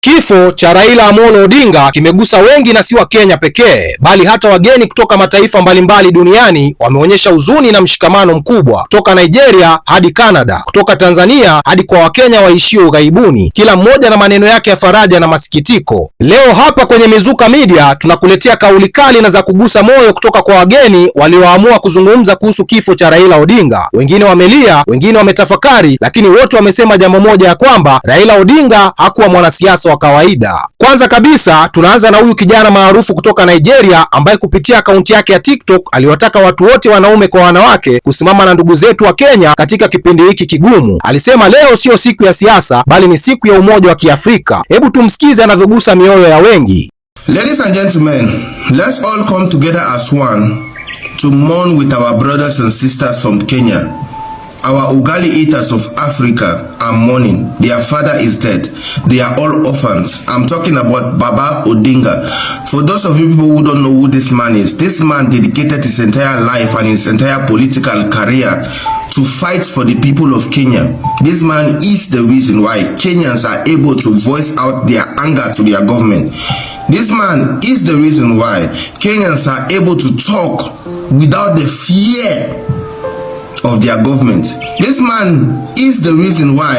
Kifo cha Raila Amolo Odinga kimegusa wengi na si Wakenya pekee bali hata wageni kutoka mataifa mbalimbali duniani wameonyesha huzuni na mshikamano mkubwa, kutoka Nigeria hadi Canada, kutoka Tanzania hadi kwa Wakenya waishio ughaibuni, kila mmoja na maneno yake ya faraja na masikitiko. Leo hapa kwenye Mizuka Media tunakuletea kauli kali na za kugusa moyo kutoka kwa wageni walioamua kuzungumza kuhusu kifo cha Raila Odinga. Wengine wamelia, wengine wametafakari, lakini wote wamesema jambo moja ya kwamba Raila Odinga hakuwa mwanasiasa wa kawaida. Kwanza kabisa tunaanza na huyu kijana maarufu kutoka Nigeria ambaye kupitia akaunti yake ya TikTok aliwataka watu wote wanaume kwa wanawake kusimama na ndugu zetu wa Kenya katika kipindi hiki kigumu. Alisema leo sio siku ya siasa bali ni siku ya umoja wa Kiafrika. Hebu tumsikize anavyogusa mioyo ya wengi. Ladies and gentlemen, let's all come together as one to mourn with our brothers and sisters from Kenya. Our Ugali eaters of Africa are mourning. Their father is dead. They are all orphans. I'm talking about Baba Odinga. For those of you people who don't know who this man is, this man dedicated his entire life and his entire political career to fight for the people of Kenya. This man is the reason why Kenyans are able to voice out their anger to their government. This man is the reason why Kenyans are able to talk without the fear of their government. This man is the reason why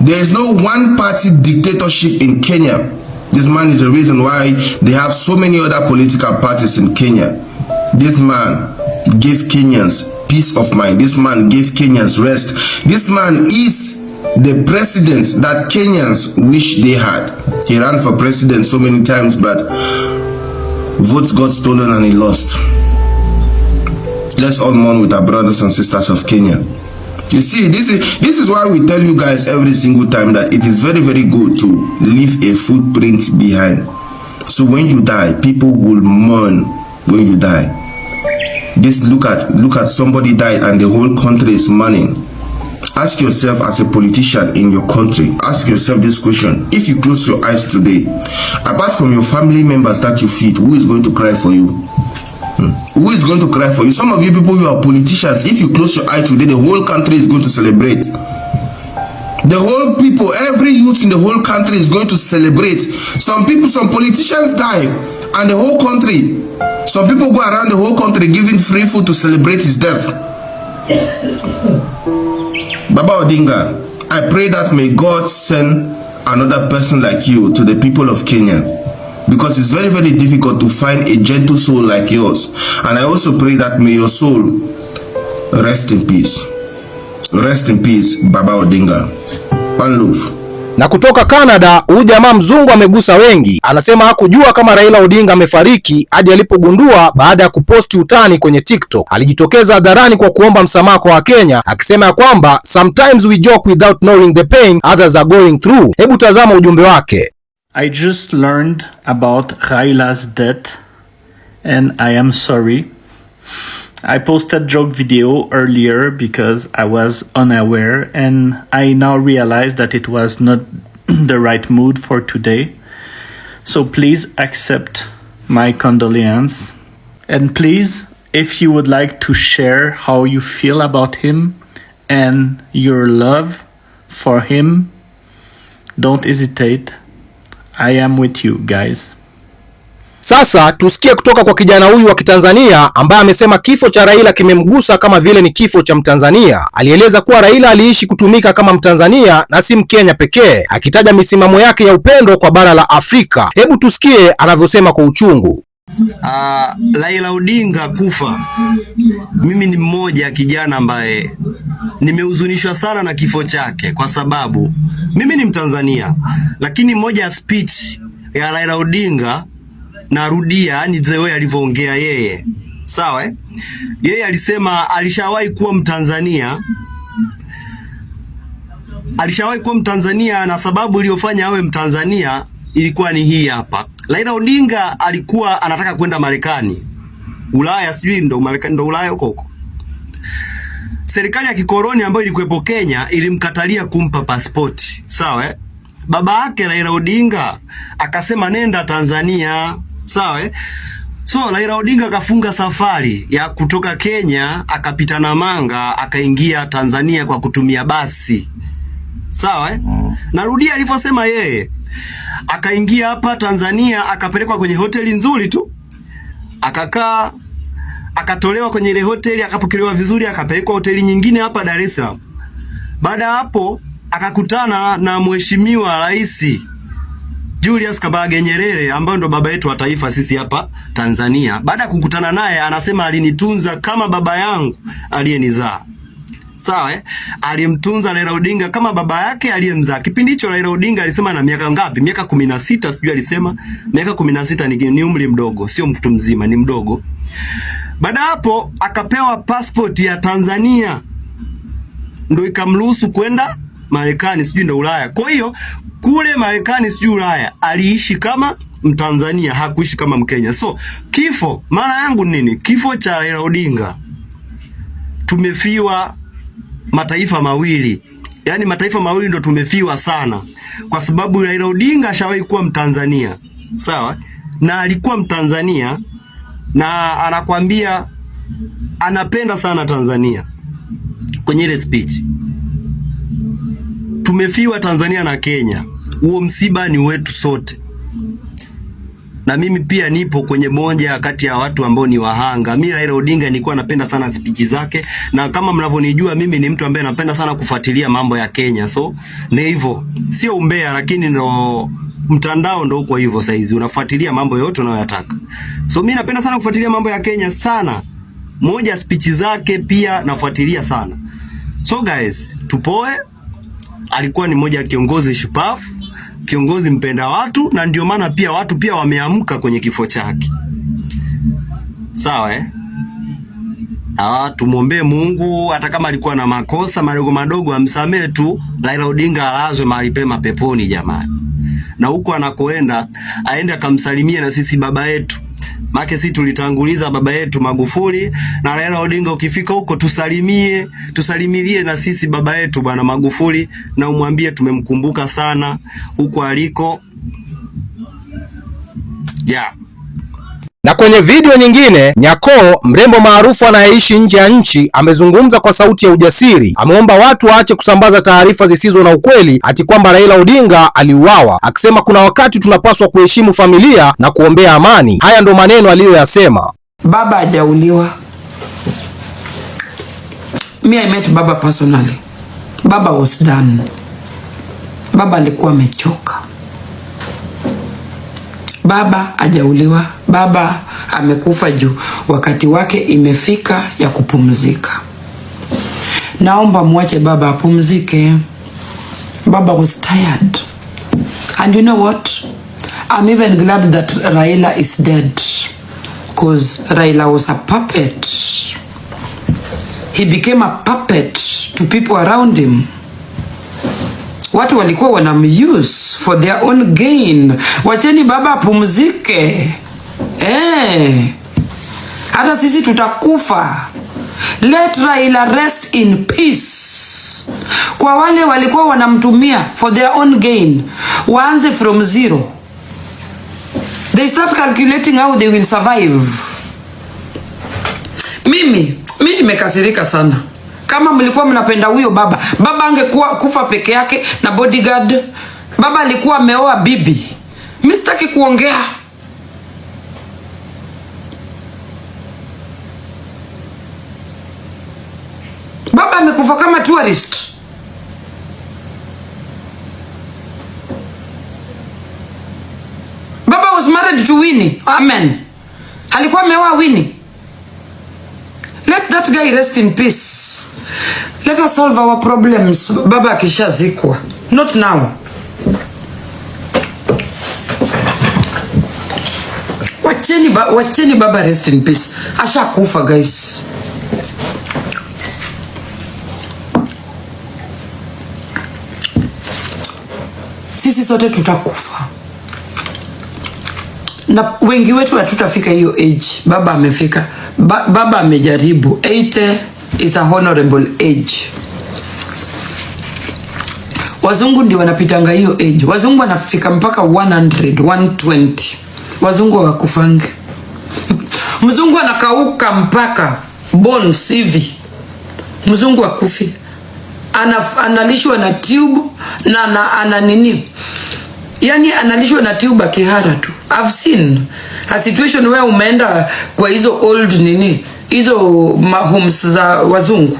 there is no one party dictatorship in Kenya. This man is the reason why they have so many other political parties in Kenya. This man gave Kenyans peace of mind. This man gave Kenyans rest. This man is the president that Kenyans wish they had. He ran for president so many times, but votes got stolen and he lost. Let's all mourn with our brothers and sisters of Kenya. You see, this is this is why we tell you guys every single time that it is very, very good to leave a footprint behind. So when you die, people will mourn when you die. This look at look at somebody died and the whole country is mourning. Ask yourself as a politician in your country, ask yourself this question. If you close your eyes today, apart from your family members that you feed, who is going to cry for you? Who is going to cry for you? Some of you people, you are politicians. If you close your eye today, the whole country is going to celebrate. The whole people, every youth in the whole country is going to celebrate. Some people, some politicians die, and the whole country. Some people go around the whole country giving free food to celebrate his death. Baba Odinga, I pray that may God send another person like you to the people of Kenya. because it's very, very difficult to find a gentle soul like yours. And I also pray that may your soul rest in peace. Rest in peace, Baba Odinga. One love. Na kutoka Canada huyu jamaa mzungu amegusa wengi. Anasema hakujua kama Raila Odinga amefariki hadi alipogundua baada ya kuposti utani kwenye TikTok. Alijitokeza hadharani kwa kuomba msamaha kwa Wakenya akisema ya kwamba sometimes we joke without knowing the pain others are going through. Hebu tazama ujumbe wake. I just learned about Raila's death and I am sorry. I posted joke video earlier because I was unaware and I now realize that it was not the right mood for today. So please accept my condolence and please if you would like to share how you feel about him and your love for him don't hesitate I am with you guys. Sasa tusikie kutoka kwa kijana huyu wa Kitanzania ambaye amesema kifo cha Raila kimemgusa kama vile ni kifo cha Mtanzania. Alieleza kuwa Raila aliishi kutumika kama Mtanzania na si Mkenya pekee, akitaja misimamo yake ya upendo kwa bara la Afrika. Hebu tusikie anavyosema kwa uchungu uh, ah, Raila Odinga kufa, mimi ni mmoja kijana ambaye nimehuzunishwa sana na kifo chake, kwa sababu mimi ni Mtanzania, lakini moja ya speech ya Raila Odinga narudia, ni yaani zewe alivyoongea yeye, sawa eh? Yeye alisema alishawahi kuwa Mtanzania alishawahi kuwa Mtanzania na sababu iliyofanya awe Mtanzania ilikuwa ni hii hapa. Raila Odinga alikuwa anataka kwenda Marekani, Ulaya, sijui ndo Marekani ndo Ulaya huko huko. Serikali ya kikoloni ambayo ilikuwepo Kenya ilimkatalia kumpa pasipoti, sawa eh? Baba yake Raila Odinga akasema nenda Tanzania, sawa eh? So Raila Odinga akafunga safari ya kutoka Kenya akapita Namanga akaingia Tanzania kwa kutumia basi, sawa eh? Mm. Narudia alivyosema yeye Akaingia hapa Tanzania, akapelekwa kwenye hoteli nzuri tu, akakaa, akatolewa kwenye ile hoteli, akapokelewa vizuri, akapelekwa hoteli nyingine hapa Dar es Salaam. Baada ya hapo akakutana na mheshimiwa Rais Julius Kambarage Nyerere ambaye ndo baba yetu wa taifa sisi hapa Tanzania. Baada ya kukutana naye, anasema alinitunza kama baba yangu aliyenizaa sawa eh? Alimtunza Raila Odinga kama baba yake aliyemzaa. Kipindi hicho Raila Odinga alisema na miaka ngapi? Miaka kumi na sita sijui alisema miaka kumi na sita ni, ni umri mdogo, sio mtu mzima, ni mdogo. Baada hapo akapewa passport ya Tanzania ndio ikamruhusu kwenda Marekani, sijui ndio Ulaya. Kwa hiyo kule Marekani sijui Ulaya aliishi kama Mtanzania, hakuishi kama Mkenya. So kifo, maana yangu nini? Kifo cha Raila Odinga tumefiwa mataifa mawili yaani mataifa mawili ndo tumefiwa sana, kwa sababu Raila Odinga ashawahi kuwa Mtanzania, sawa, na alikuwa Mtanzania na anakwambia anapenda sana Tanzania kwenye ile speech. Tumefiwa Tanzania na Kenya, huo msiba ni wetu sote na mimi pia nipo kwenye moja kati ya watu ambao ni wahanga. Mimi Raila Odinga nilikuwa napenda sana spichi zake, na kama mnavyonijua mimi ni mtu ambaye napenda sana kufuatilia mambo ya Kenya, so ni hivyo, sio umbea, lakini ndo mtandao ndo uko hivyo saizi, unafuatilia mambo yote unayoyataka. So mimi napenda sana kufuatilia mambo ya Kenya sana, moja ya zake pia nafuatilia sana. So guys, tupoe, alikuwa ni moja ya kiongozi shupafu kiongozi mpenda watu, na ndio maana pia watu pia wameamka kwenye kifo chake. Sawa eh? Ah, tumwombee Mungu hata kama alikuwa na makosa madogo madogo amsamee tu. Raila Odinga alazwe mahali pema peponi jamani, na huko anakoenda aende akamsalimia na sisi baba yetu maana sisi tulitanguliza baba yetu Magufuli na Raila Odinga. Ukifika huko tusalimie, tusalimilie na sisi baba yetu bwana Magufuli na umwambie tumemkumbuka sana huko aliko, yeah. Na kwenye video nyingine, Nyakoo mrembo maarufu anayeishi nje ya nchi amezungumza kwa sauti ya ujasiri. Ameomba watu waache kusambaza taarifa zisizo na ukweli ati kwamba Raila Odinga aliuawa, akisema kuna wakati tunapaswa kuheshimu familia na kuombea amani. Haya ndo maneno aliyoyasema. Baba hajauliwa. Me, I met baba personally. Baba was done. Baba alikuwa amechoka. Baba ajauliwa baba amekufa juu wakati wake imefika ya kupumzika. Naomba mwache baba apumzike. Baba was tired. And you know what? I'm even glad that Raila is dead. because Raila was a puppet. He became a puppet to people around him watu walikuwa wanamuse for their own gain. Wacheni baba apumzike eh. Hata sisi tutakufa. Let Raila rest in peace. Kwa wale walikuwa wanamtumia for their own gain, waanze from zero. They start calculating how they will survive. Mimi mimi nimekasirika sana. Kama mlikuwa mnapenda huyo baba, baba angekuwa kufa peke yake na bodyguard. Baba alikuwa ameoa bibi. Mimi sitaki kuongea. Baba amekufa kama tourist. Baba was married to Winnie. Amen. Alikuwa ameoa Winnie. Let that guy rest in peace. Let us solve our problems. Baba akishazikwa. Not now. Wacheni, ba wacheni baba rest in peace. Ashakufa guys. Sisi sote tutakufa na wengi wetu hatutafika hiyo age. Baba amefika ba, baba amejaribu. 80 is a honorable age. Wazungu ndio wanapitanga hiyo age. Wazungu wanafika mpaka 100, 120. Wazungu wakufange Mzungu anakauka mpaka bon sivi Mzungu akufi, analishwa na tube na ana, ana nini yani analishwa na tuba kihara tu. I've seen a situation where umeenda kwa hizo old nini hizo mahums za wazungu,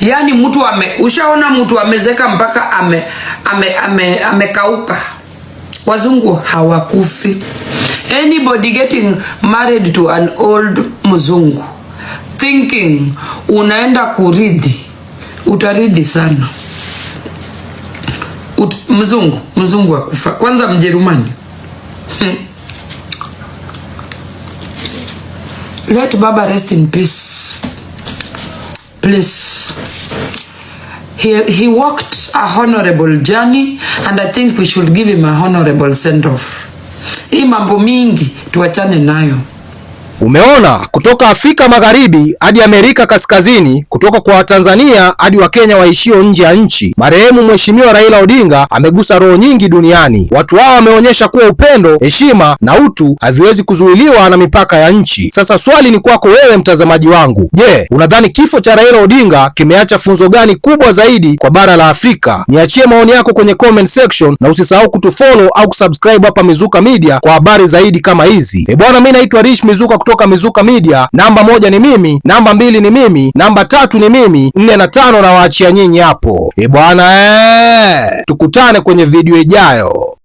yani mtu ame, ushaona mtu amezeka mpaka ame ame amekauka ame. Wazungu hawakufi. Anybody getting married to an old mzungu thinking unaenda kuridhi, utaridhi sana ut, mzungu mzungu akufa kwanza, Mjerumani hmm. let baba rest in peace please. He, he walked a honorable journey and I think we should give him a honorable send off. Hii mambo mingi tuachane nayo. Umeona, kutoka Afrika Magharibi hadi Amerika Kaskazini, kutoka kwa Watanzania hadi Wakenya waishio nje ya nchi. Marehemu Mheshimiwa Raila Odinga amegusa roho nyingi duniani. Watu hao wameonyesha kuwa upendo, heshima na utu haviwezi kuzuiliwa na mipaka ya nchi. Sasa swali ni kwako wewe, mtazamaji wangu. Je, unadhani kifo cha Raila Odinga kimeacha funzo gani kubwa zaidi kwa bara la Afrika? Niachie maoni yako kwenye comment section na usisahau kutufollow au kusubscribe hapa Mizuka Media kwa habari zaidi kama hizi. E bwana, mimi naitwa Rich Mizuka kutoka Mizuka Media. Namba moja ni mimi, namba mbili ni mimi, namba tatu ni mimi, nne na tano na waachia nyinyi hapo. E bwana, ee, tukutane kwenye video ijayo.